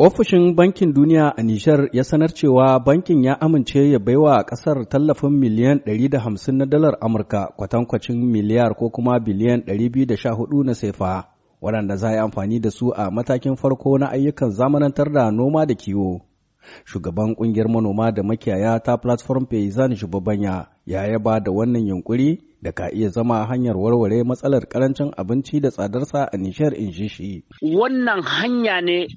Ofishin Bankin Duniya a Nishar ya sanar cewa bankin ya amince ya baiwa ƙasar tallafin miliyan 150 na dalar Amurka kwatankwacin miliyar ko kuma biliyan 214 na sefa, waɗanda za a yi amfani da su a matakin farko na ayyukan zamanantar da noma da kiwo. Shugaban ƙungiyar manoma da makiyaya ta Platform Peizan Shubabanya ya yaba da wannan yunkuri da ka iya zama hanyar warware matsalar karancin abinci da tsadarsa a nishiyar shi. Wannan hanya ne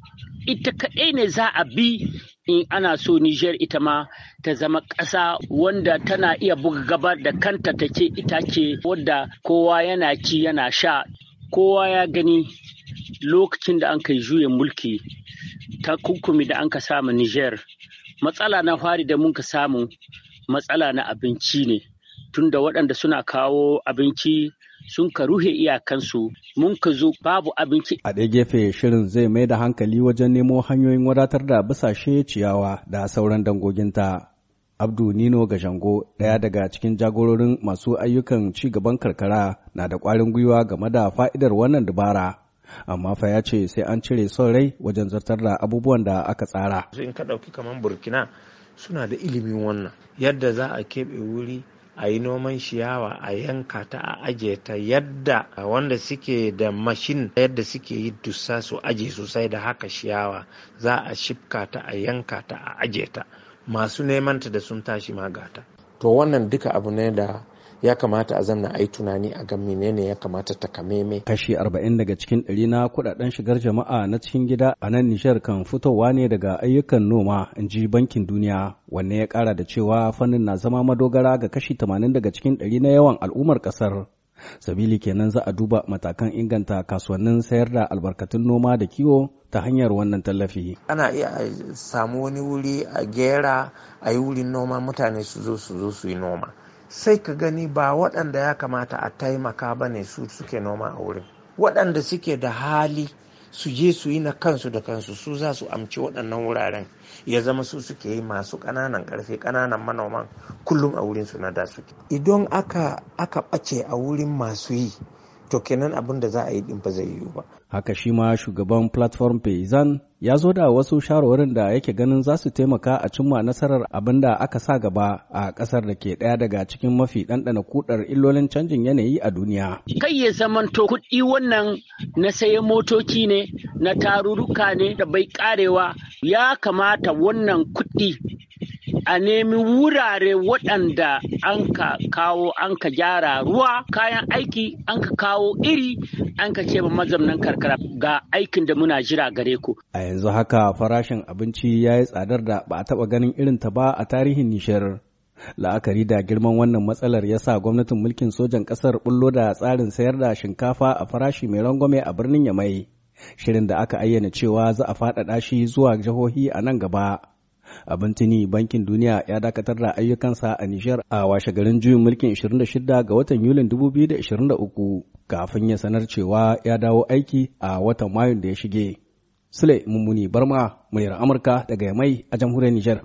ita kaɗai ne za a bi in ana so Nijar ita ma ta zama ƙasa wanda tana iya buga gabar da kanta ta ke ita ce wadda kowa yana ci yana sha kowa ya gani lokacin da an kai juya mulki ta kukumi da an ka samu Nijar matsala na fari da mun ka samu matsala na abinci ne. tunda waɗanda suna kawo abinci sun ka ruhe iyakansu mun ka zo babu abinci. A ɗaya gefe shirin zai mai da hankali wajen nemo hanyoyin wadatar da bisashe ciyawa da sauran dangoginta. Abdu Nino ga Gashango ɗaya daga cikin jagororin masu ayyukan ci gaban karkara na da ƙwarin gwiwa game da fa'idar wannan dabara. amma fa ya ce sai an cire son rai wajen zartar da abubuwan da aka tsara. In ka ɗauki kamar Burkina suna da ilimin wannan yadda za a keɓe wuri a yi noman shiyawa, a yanka ta a aje ta yadda wanda suke da mashin yadda suke yi dussa su aje sosai da haka shiyawa, za a shifka ta a yanka ta a aje ta masu neman ta da sun tashi magata to wannan duka abu ne da ya kamata a zamna a yi tunani a ga menene ya kamata ta kameme. Kashi arba'in daga cikin ɗari na kuɗaɗen shigar jama'a na cikin gida a nan Nijar kan fitowa ne daga ayyukan noma in ji Bankin Duniya wanne ya kara da cewa fannin na zama madogara ga kashi tamanin daga cikin ɗari na yawan al'ummar ƙasar. Sabili kenan za a duba matakan inganta kasuwannin sayar da albarkatun noma da kiwo ta hanyar wannan tallafi. Ana iya samu wani wuri a gera a yi wurin noma mutane su zo su zo su yi noma. sai ka gani ba waɗanda ya kamata a taimaka ba ne su suke noma a wurin waɗanda suke da hali su je su yi na kansu da kansu su za su amci waɗannan wuraren ya zama su suke yi masu ƙananan ƙarfi ƙananan manoman kullum a wurin su na da suke idan aka aka ɓace a wurin masu yi to kenan abin da za a yi din ba zai yiwu ba haka shi ma shugaban platform payzan ya zo da wasu shawarwarin da yake ganin za su taimaka a cimma nasarar abin da aka sa gaba a ƙasar da ke ɗaya daga cikin mafi ɗanɗana kuɗar illolin canjin yanayi a duniya. Kai ya zaman to kuɗi wannan na saye motoci ne, na tarurruka ne da bai ƙarewa ya kamata wannan kuɗi a nemi wurare waɗanda an ka kawo an ka gyara ruwa kayan aiki an ka kawo iri an ka ce mazamnan karkara ga aikin da muna jira gare ku. A yanzu haka farashin abinci ya yi tsadar da ba a taɓa ganin irin ta ba a tarihin nishar. La'akari da girman wannan matsalar ya sa gwamnatin mulkin sojan ƙasar bullo da tsarin sayar da shinkafa a farashi mai rangwame a birnin Yamai. Shirin da aka ayyana cewa za a faɗaɗa shi zuwa jihohi a nan gaba. abin tuni bankin duniya ya dakatar da ayyukansa a nishar a washe garin juyin mulkin 26 ga watan yulin 2023 kafin ya sanar cewa ya dawo aiki a watan mayun da ya shige sule mummuni barma muryar amurka daga yamai a jamhuriyar nijar